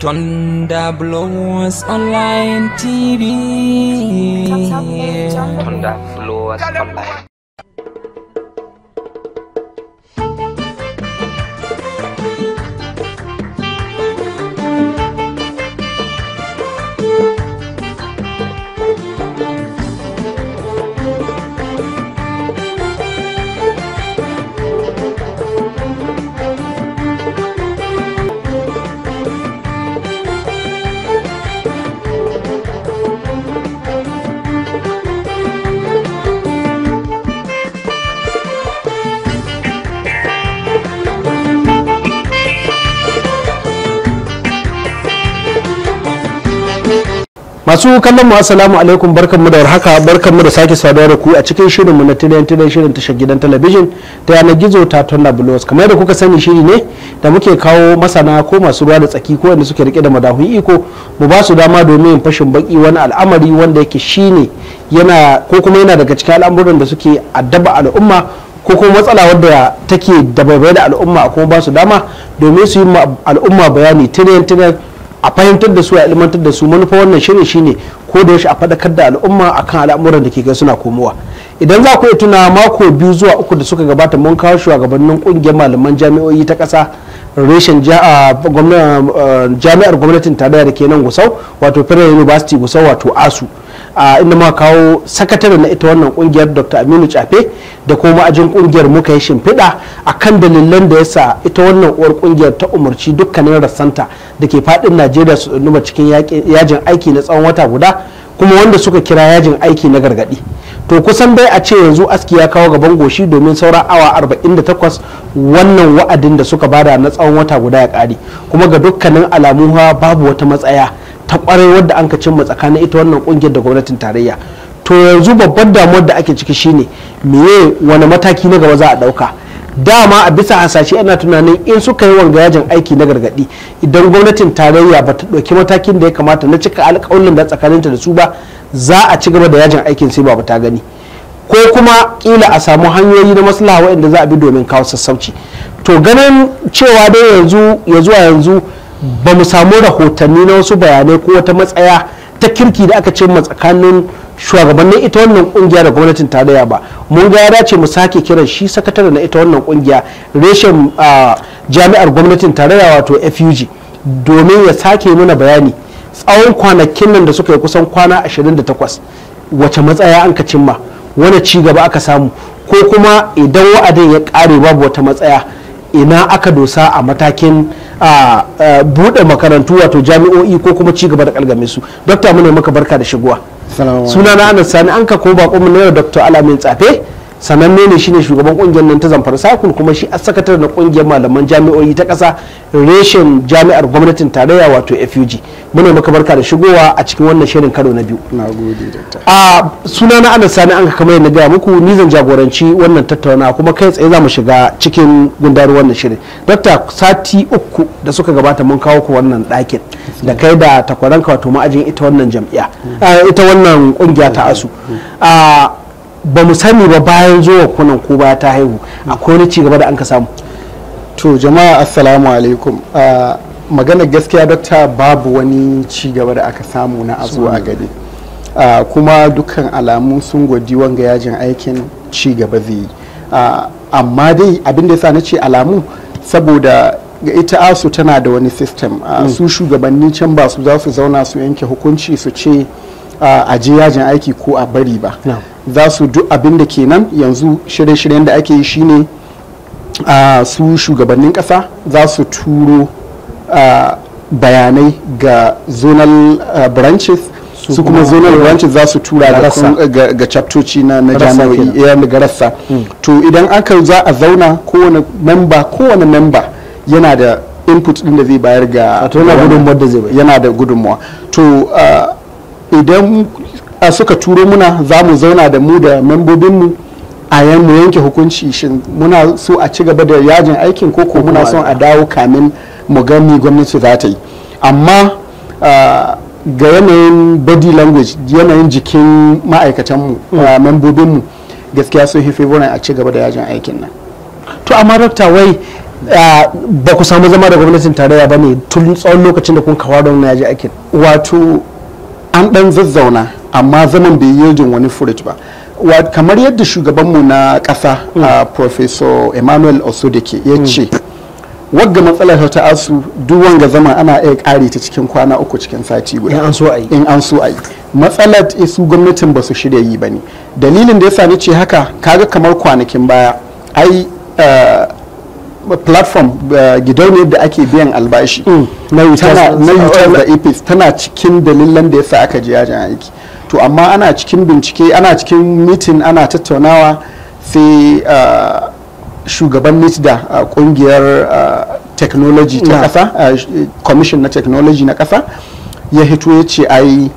Thunder Blows Online TV. Thunder Blows Online masu kallon mu assalamu alaikum barkanmu da warhaka mu da sake saduwa da ku a cikin shirin mu na tilayen tilayen shirin tashar gidan talabijin ta yanar gizo ta tona bulos kamar yadda kuka sani shiri ne da muke kawo masana ko masu ruwa da tsaki ko wanda suke rike da madahun iko mu ba su dama domin yin fashin baki wani al'amari wanda yake shine yana ko kuma yana daga cikin al'amuran da suke addaba al'umma ko kuma matsala wadda take da da al'umma ko ba su dama domin su yi al'umma bayani tilayen tilayen a fahimtar da su a ilmantar da su manufa wannan shirin shine ko da yaushe a faɗakar da al'umma akan al'amuran da ke ga suna komowa idan za ku iya tuna mako biyu zuwa uku da suka gabata mun kawo shugabannin kungiyar malaman jami'o'i ta ƙasa reshen jami'ar gwamnatin tarayya da ke nan gusau wato federal university gusau wato asu inda muka kawo sakatare na ita wannan kungiyar dr aminu chafe da kuma ma'ajin kungiyar muka yi shimfiɗa a kan dalilan da ya sa ita wannan uwar kungiyar ta umarci dukkanin rassanta da ke faɗin najeriya su cikin yajin aiki na tsawon wata guda kuma wanda suka kira yajin aiki na gargaɗi to kusan dai a ce yanzu aski ya kawo gaban goshi domin saura awa 48 wannan wa'adin da suka bada na tsawon wata guda ya kare kuma ga dukkanin alamu babu wata matsaya ta kwarai wadda an ka cimma tsakanin ita wannan kungiyar da gwamnatin tarayya to yanzu babban damuwar da ake ciki shine meye wani mataki na gaba za a dauka dama a bisa hasashe ana tunanin in suka yi wanga yajin aiki na gargadi idan gwamnatin tarayya ba ta ɗauki matakin da ya kamata na cika alƙawarin da tsakaninta da su ba za a ci gaba da yajin aikin sai babu ta gani ko kuma kila a samu hanyoyi na maslaha waɗanda za a bi domin kawo sassauci to ganin cewa dai yanzu ya zuwa yanzu ba mu samu rahotanni na wasu bayanai ko wata matsaya ta kirki da aka ce ma tsakanin shugabannin ita wannan kungiya da gwamnatin tarayya ba mun ga ya dace mu sake kiran shi sakatare na ita wannan kungiya reshen ah, jami'ar gwamnatin tarayya wato fug domin ya sake mana bayani tsawon kwanakin nan da suka yi kusan kwana 28 wace matsaya an ka cimma wani ci gaba aka samu ko kuma idan wa'adin ya ƙare babu wata matsaya ina aka dosa a matakin a buɗe makarantu wato jami'o'i ko kuma ci gaba da kalgame su dokta muna maka barka da shigowa sunana anas sani an ka ko bakon mu na dr alamin tsafe sananne ne shine shugaban kungiyar nan ta zamfara sakul kuma shi a sakatar na kungiyar malaman jami'o'i ta kasa reshen jami'ar gwamnatin tarayya wato fug muna maka barka da shigowa a cikin wannan shirin karo na biyu a suna na anas sani an kamar yadda gaya muku ni zan jagoranci wannan tattauna kuma kai tsaye za mu shiga cikin gundarin wannan shirin dokta sati uku da suka gabata mun kawo ku wannan ɗakin da kai da takwaranka wato ma'ajin ita wannan jam'iyya mm. eh, ita wannan kungiya ta mm. asu mm. ah, ba mu sani ba bayan zuwa kunan ko ba ta haihu akwai wani cigaba da an ka samu to jama'a assalamu alaikum magana gaskiya dokta babu wani cigaba da aka samu na abu a gari kuma dukkan alamu sun gwadi wanga yajin aikin cigaba zai yi amma dai abin da yasa na ce alamu saboda ga ita asu tana da wani system mm. su shugabanni can ba su za su zauna su yanke hukunci su ce a je yajin aiki ko a bari ba za su duk abin da nan yanzu shirye-shiryen da ake yi shine su shugabannin kasa za su turo bayanai ga zonal branches su kuma zonal branches za su tura ga chaptoci na jami'ai ya daga rassa to idan aka za a zauna kowane memba kowane memba yana da input din da zai bayar ga yana da gudunmuwa to idan suka turo muna za mu zauna da mu da membobinmu a yan yanke hukunci shin muna so a ci gaba da yajin aikin ko ko muna son a dawo kamin mu gani gwamnati za ta yi amma ga yanayin body language yanayin jikin ma'aikatanmu mm. mu gaskiya sun fi favorin a ci gaba da yajin aikin nan to amma dokta wai ba ku samu zama da gwamnatin tarayya ba ne tun tsawon lokacin da kun kawo don yajin aikin wato an dan zazzauna amma zaman bai yi yajin wani furit ba kamar yadda shugabanmu na ƙasa mm. a professor emmanuel osodeke ya mm. ce wagga matsalar ta asu duk wanga zama ana iya kare ta cikin kwana uku cikin sati guda in an so a yi matsalar su gwamnatin ba su shirya yi ba ne dalilin da ya sani ce haka kaga kamar kwanakin baya ai eh, platform uh, gidauniyar da ake biyan albashi mm. na yutar da apis tana cikin dalilan da ya sa aka ji yajin aiki to amma ana cikin bincike ana cikin mitin ana tattaunawa sai uh, shugaban nitda a uh, kungiyar technology ta kasa commission na technology na kasa ya hito ya ce ai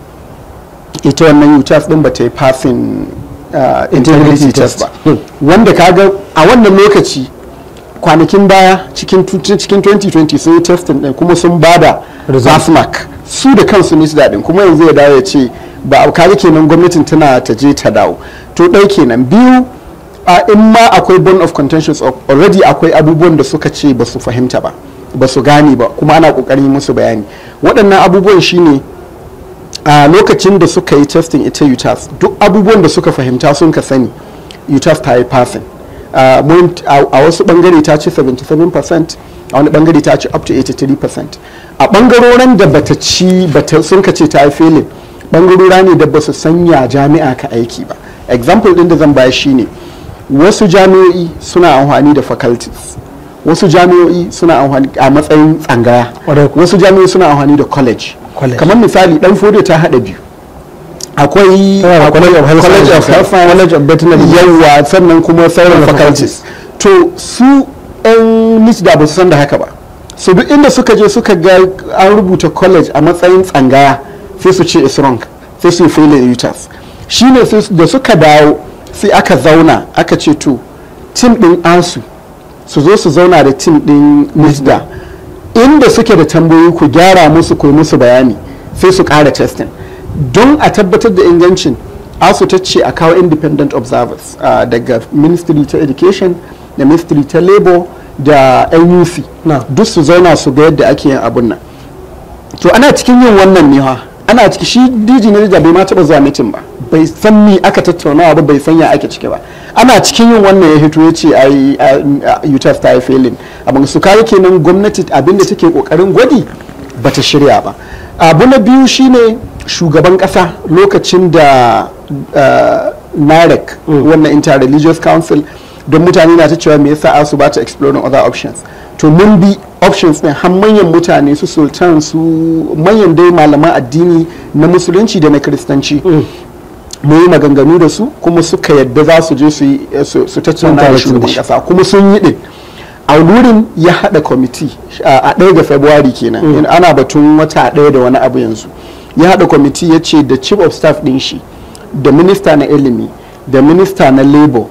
ita wannan utas din ba ta yi passing integrity test ba hmm. wanda kaga a wannan lokaci kwanakin baya cikin 2020 sun yi testin din kuma sun ba da mark su da kansu ne su daɗin kuma yanzu ya dawo ya ce ba kaji kenan gwamnatin tana ta je ta dawo to ɗau kenan biyu a in ma akwai born of contentions already akwai abubuwan da suka ce ba su fahimta ba ba su gane ba kuma ana kokarin musu bayani waɗannan abubuwan shine a lokacin da suka yi testing ita utas duk abubuwan da suka fahimta sun ka sani utas ta yi passing Uh, a wasu bangare ta ci 77% a wani bangare ta ci up to 83% a bangarorin da bata ci bata sun ce ta yi failing bangarora ne da basu sanya jami'a ka aiki ba example din da zan baya ne wasu jami'o'i suna amfani da faculties wasu jami'o'i suna amfani a matsayin tsangaya wasu jami'o'i suna amfani da college kamar misali dan fodo ta hada biyu akwai college of health college of veterinary yawa sannan kuma sauran faculties to su yan nishida ba su san da haka ba so duk inda suka je suka ga an rubuta college a matsayin tsangaya sai su ce is wrong sai su fail utas shine da suka dawo sai aka zauna aka ce to tim din ansu su zo su zauna da tim din da inda suke da tambayoyi ku gyara musu ku musu bayani sai su ƙara testing don a tabbatar da ingancin asu ta ce a kawo independent observers uh, daga ministry ta education da ministry ta labor da nuc duk su zauna su ga yadda ake yin abun nan to ana cikin yin wannan ne ha ana ciki shi dj na bai ma taba zuwa mitin ba bai san mi aka tattaunawa ba bai san ya ake ciki ba ana cikin yin wannan ya hito ya ce a utah ta yi failing abin su kayi kenan gwamnati abinda take kokarin gwadi bata shirya ba abu na biyu shine shugaban kasa lokacin da uh, narec mm. wannan interreligious council don mutane na ta cewa me yasa asu ba ta exploring other options to mun bi options ɗin har manyan mutane su sultan su manyan dai malaman addini na musulunci da na kiristanci mm. mu yi maganganu da su kuma suka yadda za su je su tattauna da shugaban kasa kuma sun yi din a ya haɗa kwamiti a ɗaya ga february kenan mm. ana batun wata ɗaya da wani abu yanzu ya haɗa kwamiti ya ce da chief of staff ɗin shi da minista na ilimi da minista na labor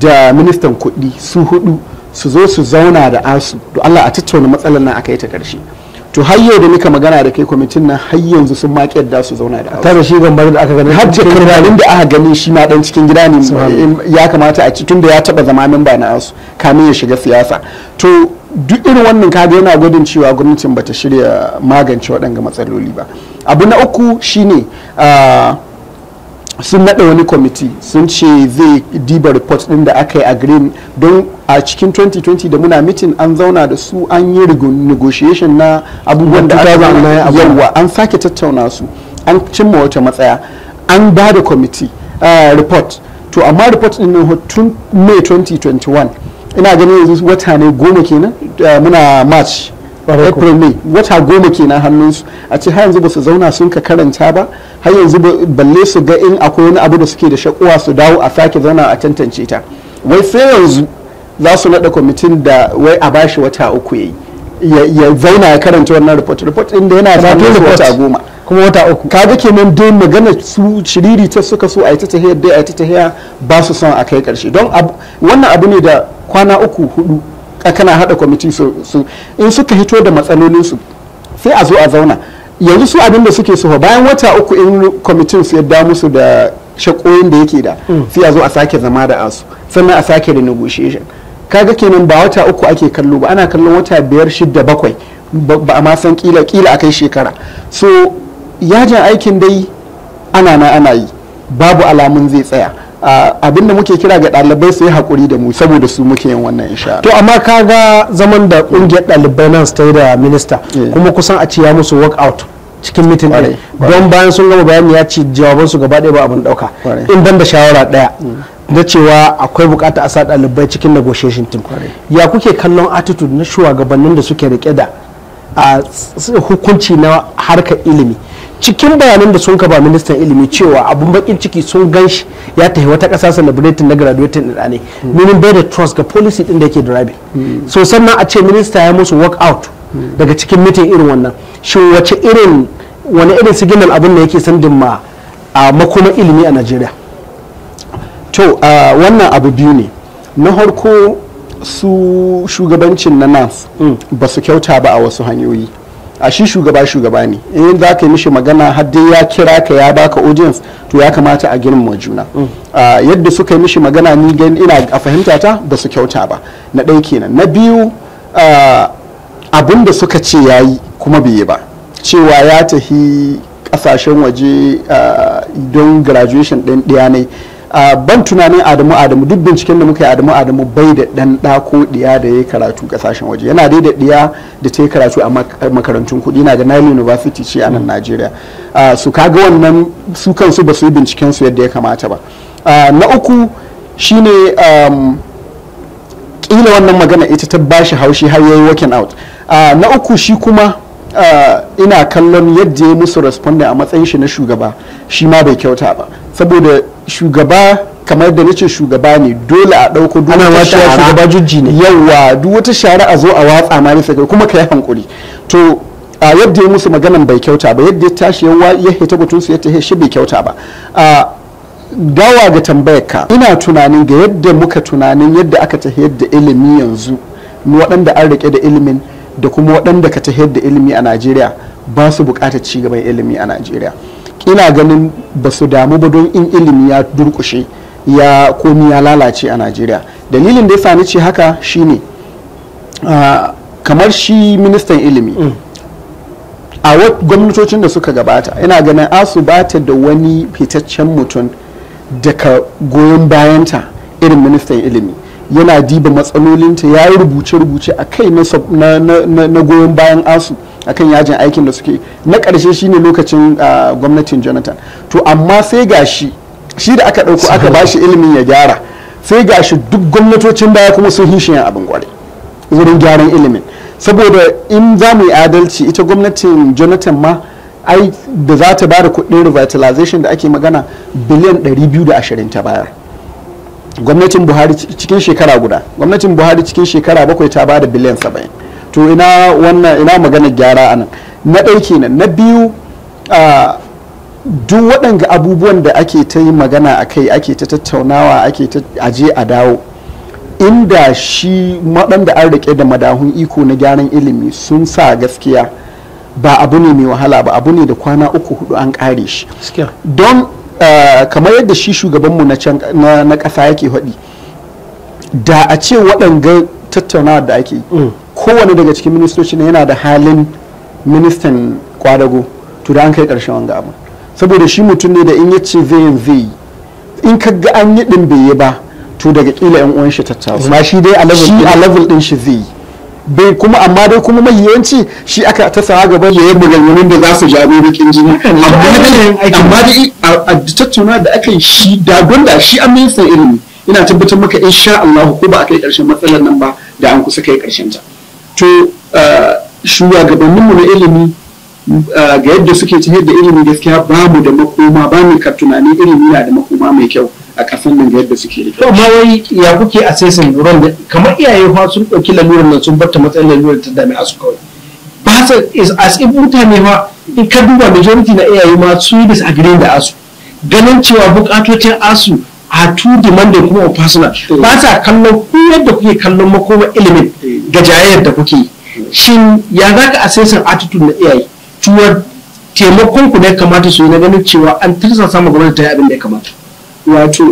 da ministan kuɗi su hudu su zo su zauna da asu to Allah a tattauna matsalar nan aka yi ta karshe to har yau da muka magana da kai kwamitin nan har yanzu sun ma da su zauna da ta da shi gambar da aka gani har jakarwarin da aka gani shi ma dan cikin gida ne ya kamata a cikin da ya taba zama memba na asu kamin ya shiga siyasa to duk irin wannan kaga yana gudun cewa gwamnatin bata shirya magance waɗanga matsaloli ba abu na uku shine sun naɗa wani kwamiti sun ce zai diba report ɗin da aka yi a green don a cikin 2020 da muna mitin an zauna da su an yi negotiation na abubuwan da aka yawa an sake tattauna su an cimma wata matsaya an ba da kwamiti report to amma report ɗin tun may 2021 ina ganin yanzu wata ne goma kenan eh, muna march april may wata goma kenan hannunsu a ce har yanzu ba su zauna sun ka karanta ba har yanzu balle su ga in akwai wani abu da suke da shakuwa su dawo a sake zauna a tantance ta wai sai yanzu za su naɗa kwamitin da wai a bashi wata uku ya zauna ya karanta wannan report report da yana zama wata goma kuma wata uku kaga kenan dai magana su shiriri ta suka so a yi ta tahiya dai a yi ta ba su son a kai karshe don wannan abu ne da kwana uku hudu kana hada kwamiti su in suka hito da su sai a zo a zauna yanzu su abin da suke so bayan wata uku in kwamitin su yadda musu da shakoyin da yake da mm. sai a zo a sake zama da asu sannan a sake da negotiation kaga kenan ba wata uku ake kallo ba ana kallon wata biyar shidda bakwai ba a ma san kila kila akai shekara so yajin aikin dai ana na ana yi babu alamun zai tsaya abin da muke kira ga ɗalibai su yi haƙuri da mu saboda su muke yin wannan insha to amma ka ga zaman da ƙungiyar ɗalibai nan su da minista eh. kuma kusan a ce ya musu work out cikin mitin ɗin don bayan sun gama bayani ya ce jawabansu gaba ɗaya ba abin ɗauka in ban da shawara ɗaya mm. na cewa akwai bukata a sa ɗalibai cikin negotiation team ya kuke kallon attitude na shugabannin da suke rike da hukunci na harkar ilimi cikin bayanan da sun ka ministan ilimi cewa abun bakin ciki sun gan shi ya tafi wata kasa sa na graduating da ne meaning bai da trust ga policy din da yake driving so sannan a ce minista ya musu work out daga cikin mitin irin wannan shin wace irin wani irin signal abin da yake sandin ma a makoma ilimi a Najeriya to wannan abu biyu ne na harko su shugabancin na nas mm. ba su kyauta ba a wasu hanyoyi a shi shugaba shugaba ne in za ka yi mishi magana har dai ya kira ka ya baka audience to ya kamata a girmama juna mm. yadda suka yi mishi magana ni ina a fahimta ta ba su kyauta ba na ɗaya kenan na biyu abin da suka ce ya yi kuma bai yi ba cewa ya tafi ƙasashen waje don graduation ɗin ɗaya ne ban tunanin adamu adamu duk binciken da muka yi adamu adamu bai da dan da ko diya da ya karatu kasashen waje yana dai da diya da ta yi karatu a makarantun kuɗi na ga nile university ce a nan najeriya su kaga wannan su kansu ba su yi binciken su yadda ya kamata ba na uku shine kila um, wannan magana ita ta bashi haushi har yayi working out na uku shi kuma Eh, ina kallon yadda ya musu responde a matsayin shi na shugaba shi ma bai kyauta ba saboda shugaba kamar da nace shugaba ne dole a ɗauko duk wata shugaba jujji ne yawa duk wata shara a zo a watsa ma kai kuma kai hankuri to a yadda ya musu maganan bai kyauta ba yadda ya tashi ya hita su ya tahe shi bai kyauta ba a gawa ga tambayar ka ina tunanin ga yadda muka tunanin yadda aka tahe yadda ilimi yanzu waɗanda an rike da ilimin da kuma waɗanda ka tahiyar da ilimi a najeriya ba su buƙatar cigaban ilimi a najeriya ina ganin ba su damu ba don in ilimi ya durkushe ya komi ya lalace a najeriya dalilin da ya sani ce haka shine ne kamar shi ministan ilimi mm. a gwamnatocin da suka gabata ina ganin asu ta da wani fitaccen mutum daga goyon bayanta irin ministan ilimi yana diba matsalolinta ya yi rubuce-rubuce a kai na goyon bayan asu a kan yajin aikin da suke na ƙarshe shine lokacin ah, gwamnatin jonathan to amma sai ga shi shi da aka ɗauko aka ba shi ilimin ya gyara sai ga shi duk gwamnatocin baya kuma sun hishiyan abin gwari wurin gyaran ilimin saboda in za mu yi adalci ita gwamnatin jonathan ma ai da za ta ba da kuɗin revitalization da ake magana biliyan 220 ta bayar gwamnatin buhari cikin shekara guda gwamnatin buhari cikin shekara bakwai ta bada biliyan saba'in to ina wannan ina magana gyara a nan na ɗauki kenan na biyu duk waɗanga abubuwan da ake ta yi magana a kai ake ta tattaunawa ake ta aje a dawo inda shi maɗanda an rike da madahun iko na gyaran ilimi sun sa gaskiya ba abu ne mai wahala ba abu ne da kwana uku hudu an kare shi don Eh, kamar yadda shi shugabanmu na ƙasa yake haɗi da a ce waɗanga tattaunawa da ake mm. kowane daga cikin ministoci na yana da halin ministan kwadago to da an kai ƙarshen wanga abu saboda shi mutum ne da in ya ce zai zai in ka ga an yi ɗin bai yi ba to daga ƙila 'yan uwan shi tattawa ma shi dai a level ɗin shi zai yi bai kuma amma dai kuma mai yawanci shi aka ta sa gaba ya yi da za su jawo bakin jini amma da a tattauna da aka yi shi da gwanda shi an san ilimi ina tabbatar maka insha Allah ko ba a kai karshen matsalar nan ba da an kusa kai karshen ta to mu na ilimi ga yadda suke tafiyar da ilimi gaskiya ba mu da makoma ba mu ka tunanin ilimi na da makoma mai kyau a kasan nan yadda suke da ma wai ya kuke assessing ran da kamar iyaye fa sun dauki lalurar nan sun bar ta matsayin lalurar ta dame su kawai ba sa is as if mutane ma in ka duba majority na iyaye ma su yi disagree da asu ganin cewa bukatocin asu a tu demanding kuma personal ba sa kallon ku yadda kuke kallon makoma ilimin ga jayayyar da kuke shin ya za ka assessing attitude na iyaye tuwar taimakon ku ne kamata su yi na ganin cewa an tirsa sama gwamnati ta yi abin da ya kamata wato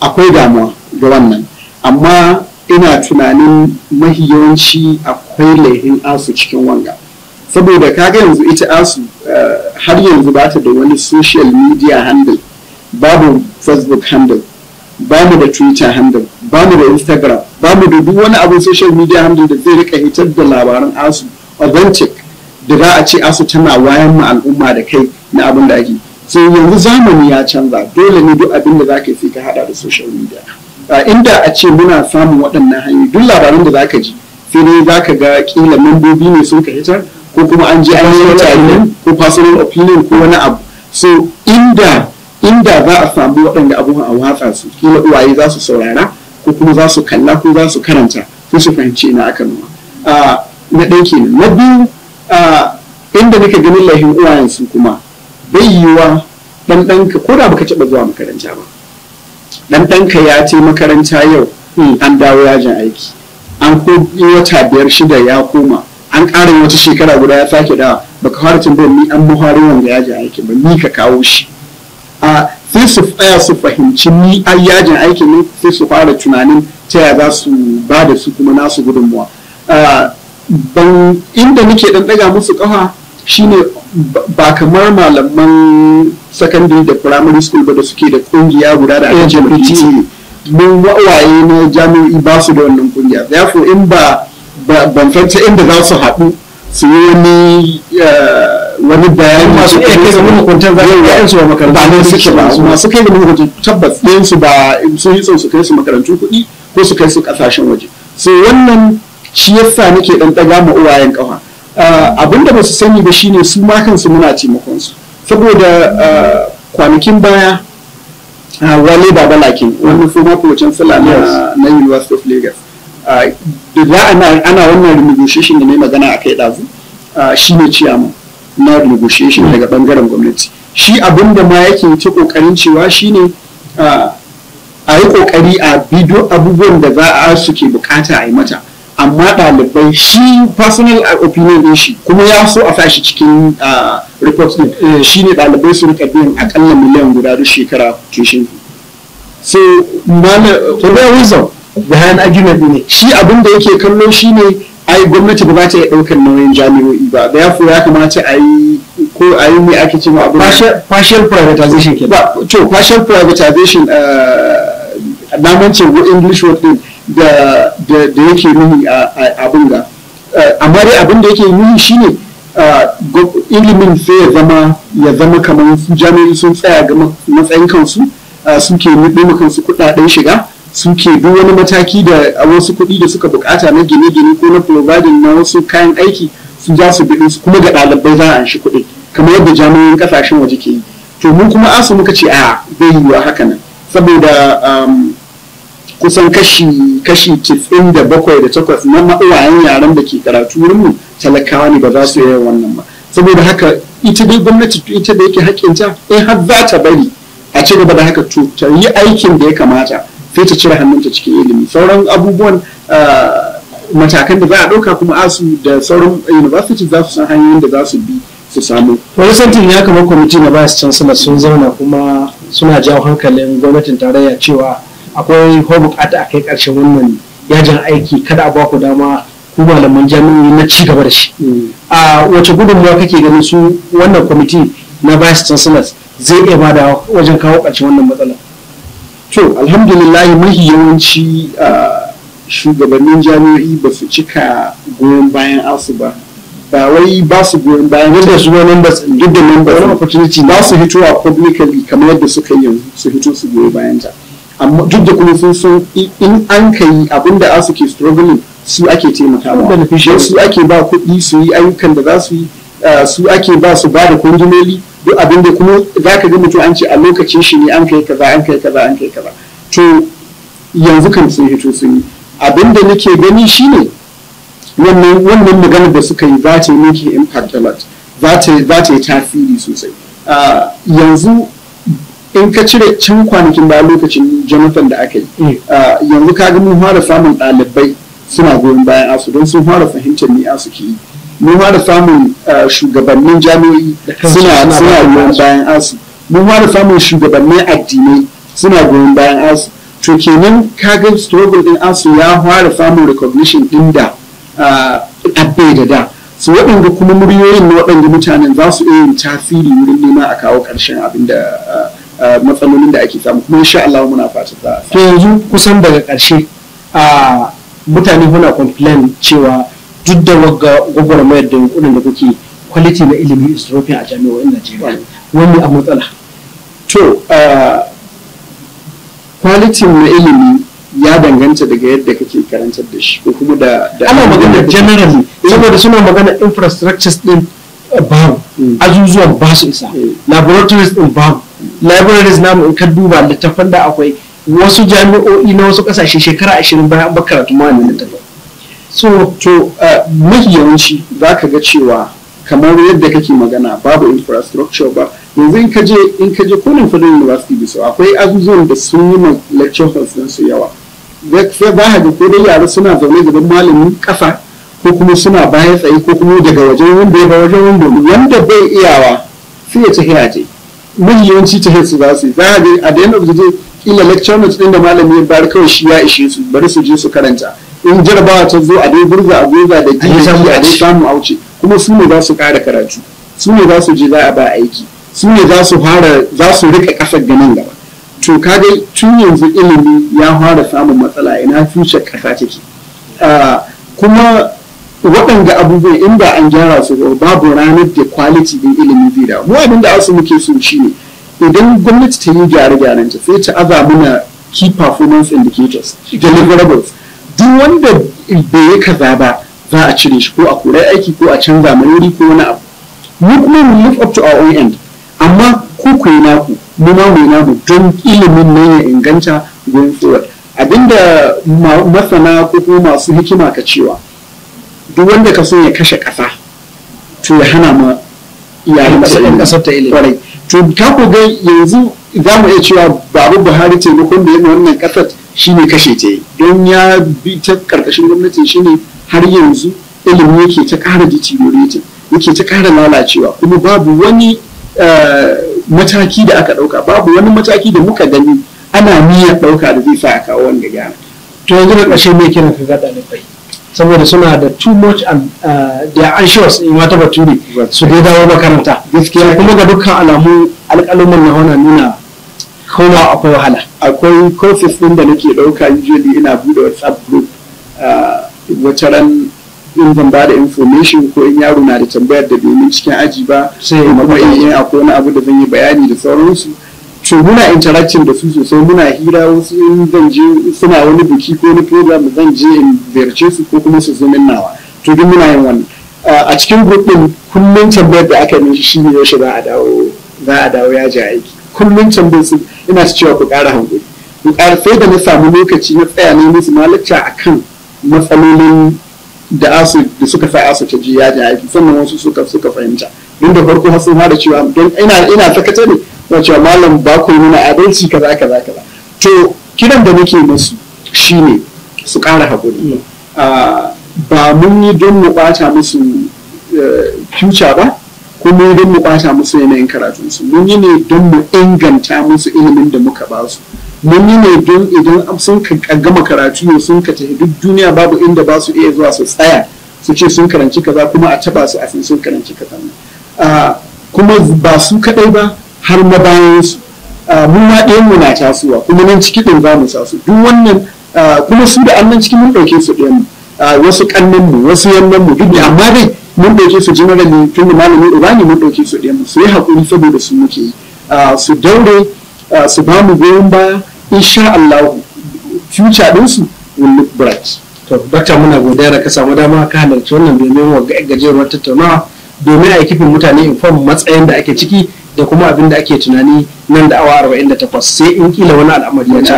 akwai damuwa ga wannan amma ina tunanin mahi yawanci akwai laifin asu cikin wanga saboda kaga yanzu ita asu har yanzu ba ta da wani social media handle babu facebook handle bamu da twitter handle bamu da instagram bamu da duk wani abin social media handle da zai rika hitar da labaran asu authentic da za a ce asu tana wayan ma al'umma da kai na abin da ake sai yanzu zamani ya canza dole ne duk abin da zaka sai ka hada da social media inda a ce muna samun waɗannan hanyoyi duk labaran da zaka ji sai dai zaka ga kila membobi ne sun ka hitar ko kuma an je an yi tare ko personal opinion ko wani abu so inda inda za a samu waɗanda abubuwan a watsa su kila uwaye za su saurara ko kuma za su kalla ko za su karanta sai su fahimci ina aka nuna ah, na ɗan kenan na biyu ah, inda nake ganin lahin uwayen su kuma bai yiwuwa dan ko da baka taɓa zuwa makaranta ba dan ya ce makaranta yau hmm, an dawo yajin aiki an ko wata biyar shida ya koma an ƙara wata shekara guda ya sake da baka fara tambayar ni an muharin wanda yajin aiki ba ni ka kawo shi a sai su tsaya su fahimci ni an yajin aiki ne sai su fara tunanin ta ya za su ba da su kuma nasu gudunmuwa ban inda nake dan musu ƙafa shine ba kamar malaman secondary da primary school ba da suke da kungiya guda da aka ce mun e. wawaye na jami'i ba su da wannan kungiya therefore in ba ban fanta inda za su haɗu su yi wani wani bayan masu kai da mun hukuntar za a yi su ba makarantu ba suke ba masu kai da hukuntar tabbas ɗayan su ba sun yi son su kai su makarantu kuɗi ko su kai su ƙasashen waje so wannan shi yasa nake ɗan ɗaga ma uwayen ƙafa Eh, abin da ba su sani ba shine su ma kansu muna taimakon su saboda eh, kwanakin baya eh, wale lakin wani former provocation fulani na university of lagos da za ana wannan renegotiation da mai magana a kai ɗazu shi ne ciyaman na renegotiation daga bangaren gwamnati shi abin da ma yake ta kokarin cewa shine a yi kokari a bido abubuwan da za a suke bukata a yi mata amma ɗalibai shi personal opinion ɗin shi kuma ya so a fashi cikin report ɗin eh. shi ne ɗalibai su rika biyan akalla miliyan guda duk shekara tuition so mana for their reason behind argument ne shi abin da yake kallo shi ne ai gwamnati ba za ta yi ɗaukar nauyin jami'o'i ba da yafu ya kamata a yi ko a yi ne ake cewa abu partial privatization ke ba to partial privatization eh, na mance english word din da da yake nuhi a abin eh, amma dai abin da yake nuhi shine eh, ilimin sai ya zama ya zama kamar jami'ai sun tsaya ga matsayin kansu eh, suke nuɗe kansu kuɗaɗen shiga suke duk wani mataki da a wasu kuɗi da suka bukata na gine-gine ko na providing na wasu kayan aiki su za su biɗin su kuma ga ɗalibai za a shi kuɗi kamar yadda jami'in ƙasashen waje ke yi to mu kuma asu muka ce a bai yiwuwa haka nan saboda um, kusan kashi kashi kitsin da bakwai da takwas na ma'uwayen yaren da ke karatu wurinmu talakawa ne ba za su yi wannan ba saboda haka ita dai gwamnati ita da yake haƙƙinta in har za ta bari a ci gaba da haka to ta yi aikin da ya kamata sai ta cire hannunta cikin ilimi sauran abubuwan ah, matakan da za a ɗauka kuma asu da sauran university za su san hanyoyin da za su bi su samu. Wani ya kama kwamiti na bayan can sun zauna kuma suna jawo hankalin gwamnatin tarayya cewa akwai ko bukata a kai ƙarshen wannan yajin aiki kada a ba ku dama ku malaman jami'i na ci gaba da shi mm. a wace gudunmuwa kake ganin su wannan kwamiti na vice chancellor zai iya ba da wajen kawo ƙarshen wannan matsala to alhamdulillah mahi yawanci shugabannin jami'o'i ba su cika goyon bayan asu ba ba wai ba su goyon bayan duk da su goyon members duk da members ba su publicly kamar yadda suka yi su hito su goyon bayan ta amma duk da kuma sun san in an ka yi abin da asu ke struggling su ake taimakawa su ake ba kuɗi su yi ayyukan da za su yi ah, su ake ba su ba da kwangiloli duk abin da kuma za ka ga mutum an ce a lokacin shi ne an kai kaza an kai kaza an kai kaza to yanzu kan sun hito sun yi abin da nake gani shine wannan wannan maganar da suka yi za ta yi impact a lot za ta yi tasiri sosai ah, yanzu in ka cire can kwanakin baya lokacin jonathan da aka yi mm. yanzu ka ga mun fara samun ɗalibai suna goyon bayan asu don sun fara fahimtar me asu ke yi mun fara samun shugabannin jami'o'i suna goyon bayan asu mun fara samun shugabannin addinai suna goyon bayan asu to kenan kaga struggle din asu ya fara samun recognition din da abbe da da su waɗanda kuma muryoyin na waɗanda mutanen za su iya yin tasiri wurin nema a kawo ƙarshen abin da matsalolin da ake samu kuma insha Allah muna fatan za a to yanzu kusan daga ƙarshe a mutane suna complain cewa duk da wagga gwagwarmayar da yankunan da kuke kwaliti na ilimi is dropping a jami'o'in Najeriya wani a matsala to kwalitin na ilimi ya danganta daga yadda kake karantar da shi ko kuma da ana magana generally eh. saboda suna magana infrastructures din eh, babu mm. azuzuwan ba su isa eh. laboratories din babu libraries namu in ka duba littafan da akwai wasu jami'o'i na wasu kasashe shekara ashirin bayan an karatu ma ne littafin so to uh, mafi yawanci za ka ga cewa kamar yadda kake magana babu infrastructure ba yanzu in kaje in kaje kolin fadin university bisa akwai azuzuwan da sun yi lecture halls din su yawa sai ba ga ko dai yara suna zaune gaban malamin kafa ko kuma suna baya tsaye ko kuma daga wajen wanda ya wajen wanda wanda bai iyawa sai ya ci hiraje mahi ta su za su yi za a ga a da yanar da kila lecture notes din da malami ya bar kawai shi ya ishe su bari su je su karanta in jarabawa ta zo a dai burza a goza da gini a dai samu a wuce kuma su ne za su kara karatu su ne za su je za a ba aiki su ne za su fara za su rika kasar ganin gaba to kaga tun yanzu ilimi ya fara samun matsala ina future kasa take ah, kuma waɗanda abubuwa in ba an gyara su ba babu ranar da quality din ilimi zai da mu abin da asu muke so ne. idan gwamnati ta yi gyare-gyaren ta sai ta aza mana key performance indicators deliverables duk wanda bai yi kaza ba za a cire shi ko a kore aiki ko a canza marori ko wani abu mu kuma mu live up to our own end amma ku ku yi naku mu ma mu naku don ilimin nan ya inganta going forward abinda masana ko kuma masu hikima ka cewa duk wanda ka so ya kashe ƙasa to ya hana ma iyayen ƙasar ta ilimi to ka ku ga yanzu za mu iya cewa babu buhari taimakon da ya wannan ƙasar shine kashe ta don ya bi ta ƙarƙashin gwamnatin shine har yanzu ilimi yake ta ƙara deteriorating yake ta ƙara lalacewa kuma babu wani eh, mataki da aka ɗauka babu wani mataki da muka gani ana niyyar ɗauka da zai sa a kawo wanda gyara to yanzu da ƙarshe mai kiran ka ga ɗalibai saboda suna da too much and um, uh, they are anxious in wata bature su dai dawo makaranta gaskiya kuma ga dukkan alamu alƙaluman na hona nuna kuma akwai wahala akwai courses din da nake ɗauka usually ina bude whatsapp group uh, wata ran in zan ba da information ko in yaro na da tambayar da domin cikin aji ba sai kuma in akwai wani abu da zan yi bayani da sauransu so muna interaction da su sosai muna hira wasu in zan je suna wani biki ko wani program zan je in ziyarce su ko kuma su zo nawa to duk muna yin wani. a cikin group din kullun tambayar da aka yi shi ne shi za a dawo za a dawo ya ji aiki kullun tambayar su ina su cewa ku ƙara hankali ku ƙara sai da na samu lokaci na tsaya ne musu ma lacca akan matsalolin da asu da suka sa asu ta ji ya ji aiki sannan wasu suka suka fahimta don da farko har sun da cewa don ina ina sakata ne na cewa malam ba ku nuna adalci kaza kaza kaza to kiran da muke musu shine su ƙara hakuri. Mm. Ah, ba mun yi don mu bata musu eh, future ba ko mun yi don mu bata musu yanayin karatunsu mun yi ne don mu inganta musu ilimin da muka ba su mun yi ne don idan sun ka gama karatu ne sun ka tafi duk duniya babu inda ba su iya zuwa su tsaya su ce sun karanci kaza kuma a taba su a sun karanci kaza ah, kuma ba su kadai ba har na bayan su ah, mun ma ɗayan mu na tasowa kuma nan ciki ɗin za mu taso duk wannan ah, kuma su da annan ciki mun ɗauke su ɗayan mu ah, wasu ƙannan mu wasu yannan mu duk da amma dai mun ɗauke su jimarali tun da malamin ubani mun ɗauke su ɗayan mu su yi haƙuri saboda su muke yi su daure su ba mu goyon baya insha Allah future ɗinsu will look bright. To, muna godiya da ka samu dama ka halarci wannan domin wa gajeruwar tattaunawa domin a kifin mutane inform matsayin da ake ciki da kuma abin da ake tunani nan da awa 48 sai in kila wani al'amari ya ci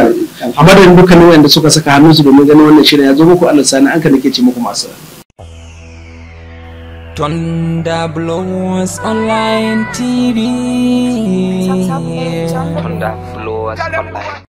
a madadin dukkanin wanda suka saka hannunsu domin ganin wannan shirin ya zo muku Allah sani an ka nake ce muku masu Thunder Blows Online TV. Blows Online.